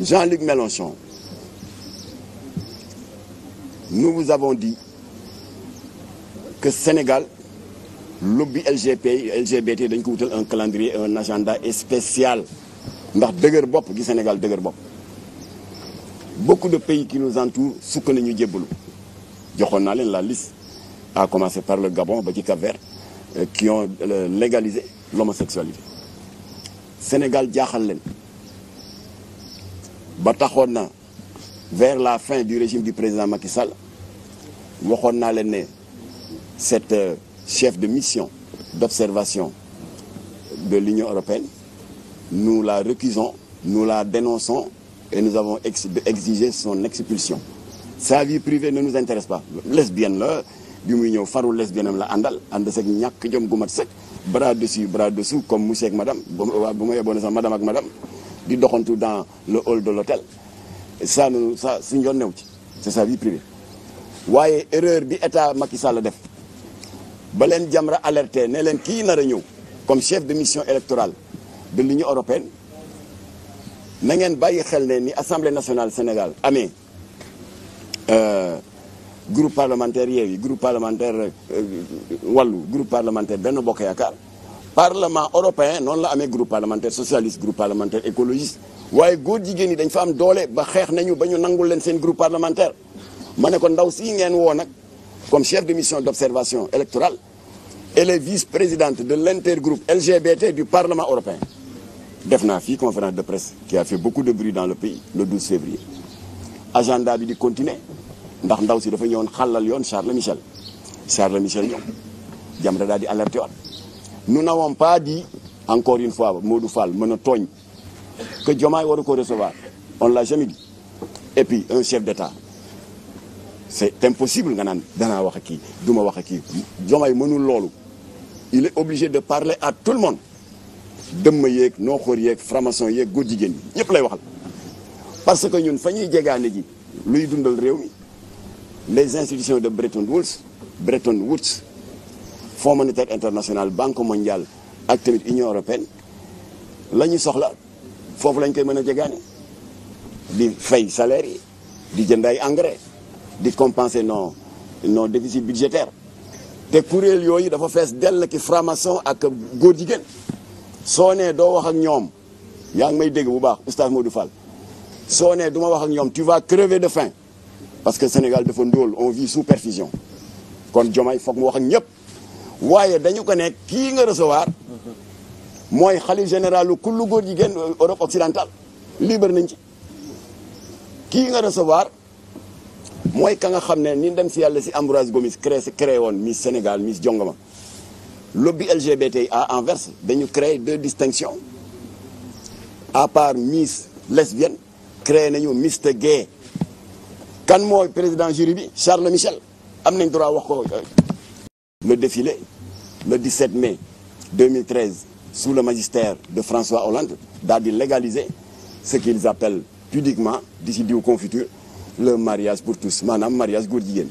Jean-Luc Mélenchon, nous vous avons dit que Sénégal lobby LGP LGBT dañ ko wutal un calendrier un agenda spécial ndax dëgër bopp gi Sénégal dëgër bopp beaucoup de pays qui nous entourent sukk nañu jébbalu joxoon naa leen la liste à commencer par le Gabon ba ci Cap-Vert euh, qui ont euh, légalisé l'homosexualité Sénégal jaaxal leen ba taxoon na vers la fin du régime du président Macky Sall waxoon naa leen ne cet euh, chef de mission d'observation de l'Union européenne nous la récusons nous la dénonçons et nous avons exigé son expulsion sa vie privée ne nous intéresse pas lesbienne la bi muy ñëw faru lesbienne am la àndal ànd seeg ñàkk jom gu mat sëkk bras dessus bras dessous comme monsieur ak madame bu ma yeboon sax madame ak madame di doxantu dans le hall de l'hôtel ça nous ça suñ new ci c'est sa vie privée waaye erreur bi état Macky Sall def ba leen Jamra alerté ne leen kii nar ñëw comme chef de mission électorale de l'Union européenne na ngeen bàyyi xel ne ni assemblée nationale Sénégal amee euh, groupe parlementaire Yewwi groupe parlementaire euh, Wallu groupe parlementaire benn Bokk Yaakaar parlement européen noonu la amee groupe parlementaire socialiste groupe parlementaire écologiste waaye góor jigéen ñi dañ fa am doole ba xeex nañu ba ñu nangul leen seen groupe parlementaire ma ne ko ndaw si ngeen woo nag comme chef de mission d'observation électorale elle est vice-présidente de l'intergroupe LGBT du parlement européen def naa fii conférence de presse qui a fait beaucoup de bruit dans le pays le 12 février agenda bi di continuer ndax ndaw si dafa ñëwoon xàllal yoon Charles Michel Charles Michel ñëw Jamra daal di alerté waat nous n'avons pas dit encore une fois Modou Fall mën a tooñ que Diomaye waru ko recevoir on l'a jamais dit et puis un chef d'État c'est impossible nga naan danaa wax ak kii duma wax ak kii Diomaye mënul loolu il est obligé de parler à tout le monde dëmm yeeg nooxoor yeeg franc-maçon yeeg góor jigéen yi lay waxal parce que ñun fa ñuy jegaane ji luy dundal réew mi les institutions de Bretton Woods Bretton Woods Fonds monétaire international Banque mondiale ak tamit Union européenne la soxla foofu lañ koy mën a jegaane di fay salaire yi di jënd ay engrais di compenser nos nos déficits budgétaires te kuréel yooyu dafa fees dell ki franc ak góor jigéen soo nee doo wax ak ñoom yaa ngi may dégg bu baax oustaz Modou Fall soo nee du wax ak ñoom tu vas crever de faim parce que Sénégal dafa ndóol on vit kon Diomaye foog mu wax ak ñëpp. waaye dañu ko nekk kii nga recevoir mooy xalif général kullu góor jigéen Europe occidentale libre nañ ci kii nga recevoir mooy ka nga xam ne ni dem si yàlla si Ambroise Gomis si créé woon Miss Sénégal Miss Jongama lobby LGBTIA inverse dañu créé deux distinctions à part Miss lesbienne créé nañu Mister Gay kan mooy président jury bi Charles Michel am nañ droit wax ko le défilé le 17 mai 2013 sous le magistère de François Hollande daal di légaliser ce qu'ils appellent pudiquement di ci diw confiture le mariage pour tous maanaam mariage góor jigéen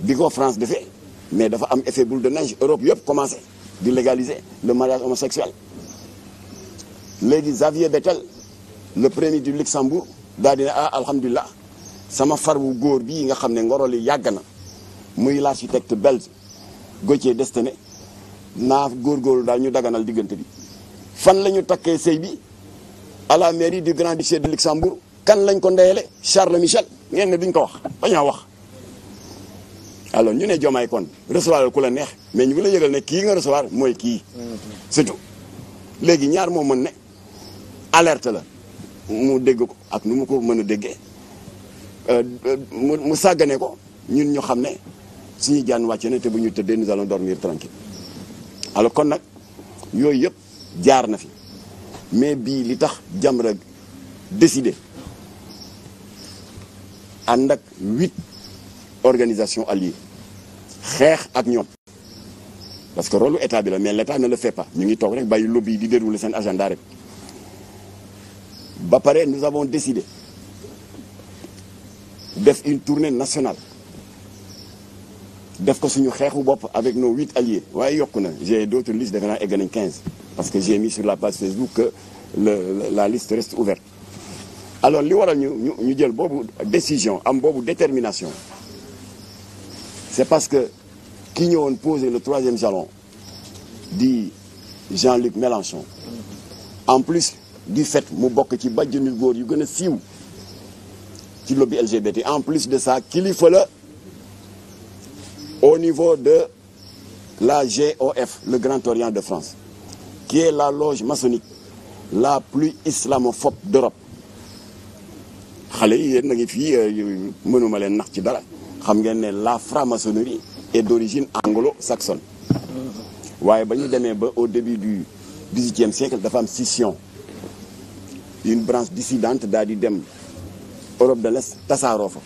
bi ko France defee mais dafa am effet boule de neige Europe yëpp commencé di légaliser le mariage homosexuel léegi Xavier Bettel le premier du Luxembourg daal di ne ah alhamdulilah sama far wu góor bii nga xam ne ngoro li yàgg na muy l'architecte belge Gauthier destiné naa góor góor daal ñu daganal diggante bi fan la ñu takkee sëy bi à la mairie du Grand Duché de Luxembourg kan lañ ko ndeyale Charles Michel ngeen ne duñ ko wax bañaa wax alors ñu ne Diomaye kon recevoir ku la neex mais ñu ngi la yëgal ne kii nga recevoir mooy kii surtout léegi ñaar moo mën ne alerte la mu dégg ko ak nu mu ko mën a déggee euh, euh, mu sàggane ko ñun ñu xam ne suñuy jaan wàcc na te bu ñu tëddee nous allons dormir tranquille alors kon nag yooyu yëpp jaar na fi mais bii li tax Jamra décidé ànd ak huit organisations alliées xeex ak ñoom parce que rôle état bi la mais l' état ne le fait ñu ngi toog rek bàyyi lobby yi di dérouler seen agenda rek ba pare nous avons décidé def une tournée nationale def ko suñu xeexu bopp avec nos huit alliés waaye yokk na j'ai d'autres listes defe naa egg quinze parce que j'ai mis sur la page Facebook que le la liste reste ouverte alors li waral ñu ñu ñu jël boobu décision am boobu détermination c'est parce que ki ñëwoon poser le troisième jalon di Jean-Luc Mélenchon en plus du fait mu bokk ci bàjjenu góor yu gën a siiw ci lobby LGBT en plus de ça kilifa la au niveau de la GOF, le Grand Orient de France, qui est la loge maçonnique la plus islamophobe d'Europe. xale yi yéen a ngi fii euh, mënuma leen nax ci dara xam ngeen ne la fra maçonnerie est d'origine anglo-saxonne waaye ba ñu demee ba au début du dix-huitième siècle dafa am scission une branche dissidente daal di dem Europe de l'Est tasaaroo fa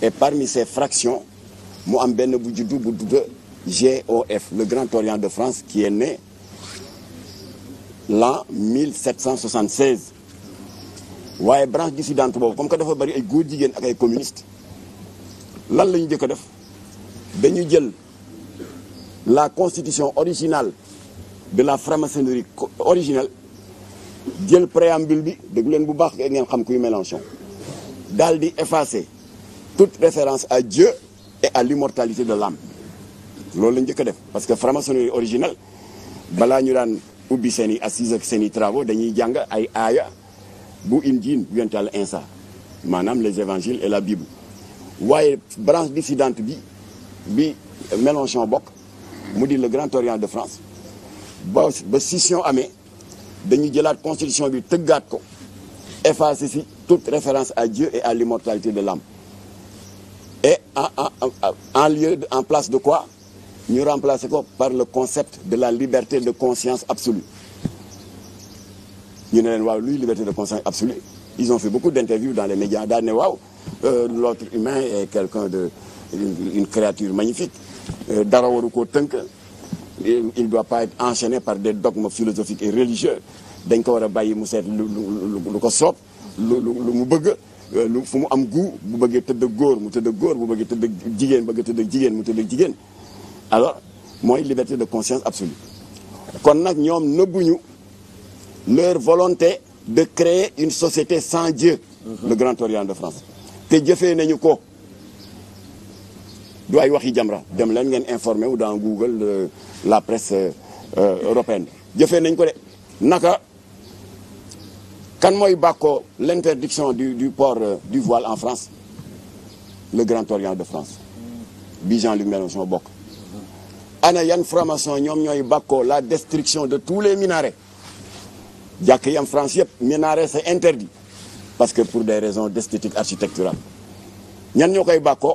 et parmi ces fractions mu am benn bu juddu bu dudd GOF le Grand Orient de France qui est né l'an 1776 waaye branche dissidente boobu comme que dafa bari ay góor jigéen ak ay communiste lan la ñu njëkk a def dañu jël la constitution originale de la franc-maçonnerie originelle jël préambule bi déglu leen bu baax ngeen xam kuy Mélenchon daal di effacer toute référence à Dieu et à l'immortalité de l'âme loolu la njëkk def parce que franc-maçonnerie originelle balaa ñu daan ubbi seen i assises ak seen i travaux dañuy jàng ay aaya bu injiil bu yonent Yàlla Iisaa maanaam les évangiles et la Bible waaye branche dissidente bi bi Mélenchon bokk mu di le Grand Orient de France ba ba scission amee dañuy jëlaat constitution bi tëggaat ko effacer si toute référence à Dieu et à l'immortalité de l'âme en, en, en lieu, en place de quoi ñu remplacer ko par le concept de la liberté de conscience absolue ñu ne leen waaw luy liberté de conscience absolue ils ont fait beaucoup d'interviews dans les médias daal ne waaw euh, l'autre humain est quelqu'un de une créature magnifique euh, dara waru koo tënk il doit pas être enchaîné par des dogmes philosophiques et religieux dañ ko war a bàyyi mu seet lu lu ko soob lu mu bëgg lu euh, fu mu am gu bu bëggee tëdd góor mu tëdd góor bu bëggee tëdd jigéen bëgg tëdd jigéen mu tëdd jigéen alors mooy liberté de conscience absolue kon nag ñoom nëbbuñu leur volonté de créer une société sans Dieu mhm. le Grand Orient de France te jëfee nañu ko du ay waxi Jamra dem leen ngeen informé wu dans Google euh, la presse euh, européenne jëfee nañ ko de naka kan mooy bàkkoo l'interdiction du du port euh, du voile en France le Grand Orient de France bi Jean-Luc Mélenchon bokk ana yan franc ñoom ñooy bàkkoo la destruction de tous les minarets jàkk yam France yëpp minaret c'est interdit parce que pour des raisons d'esthétique architecturale ñan ñoo koy bàkkoo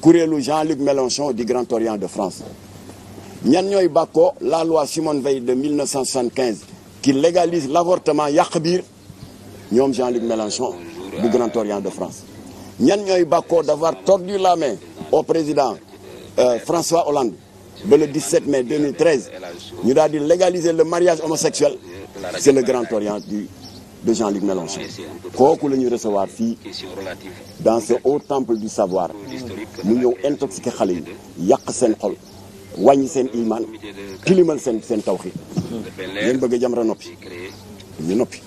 kuréelu Jean-Luc Mélenchon du Grand Orient de France ñan ñooy bàkkoo la loi Simone Veil de 1975 qui légalise l'avortement yàq biir ñoom Jean-Luc Mélenchon du Grand Orient de France ñan ñooy bàkkoo d'avoir tordu la main au président euh, François Hollande ba le 17 mai 2013 ñu daal di légaliser le mariage homosexuel c'est le Grand Orient du de Jean-Luc Mélenchon kooku la ñuy recevoir fii dans ce haut temple du savoir mu ñëw intoxiqué xale yi yàq seen xol wàññi seen iman tilimal seen seen tawxiid ngeen bëgg a noppi ñu noppi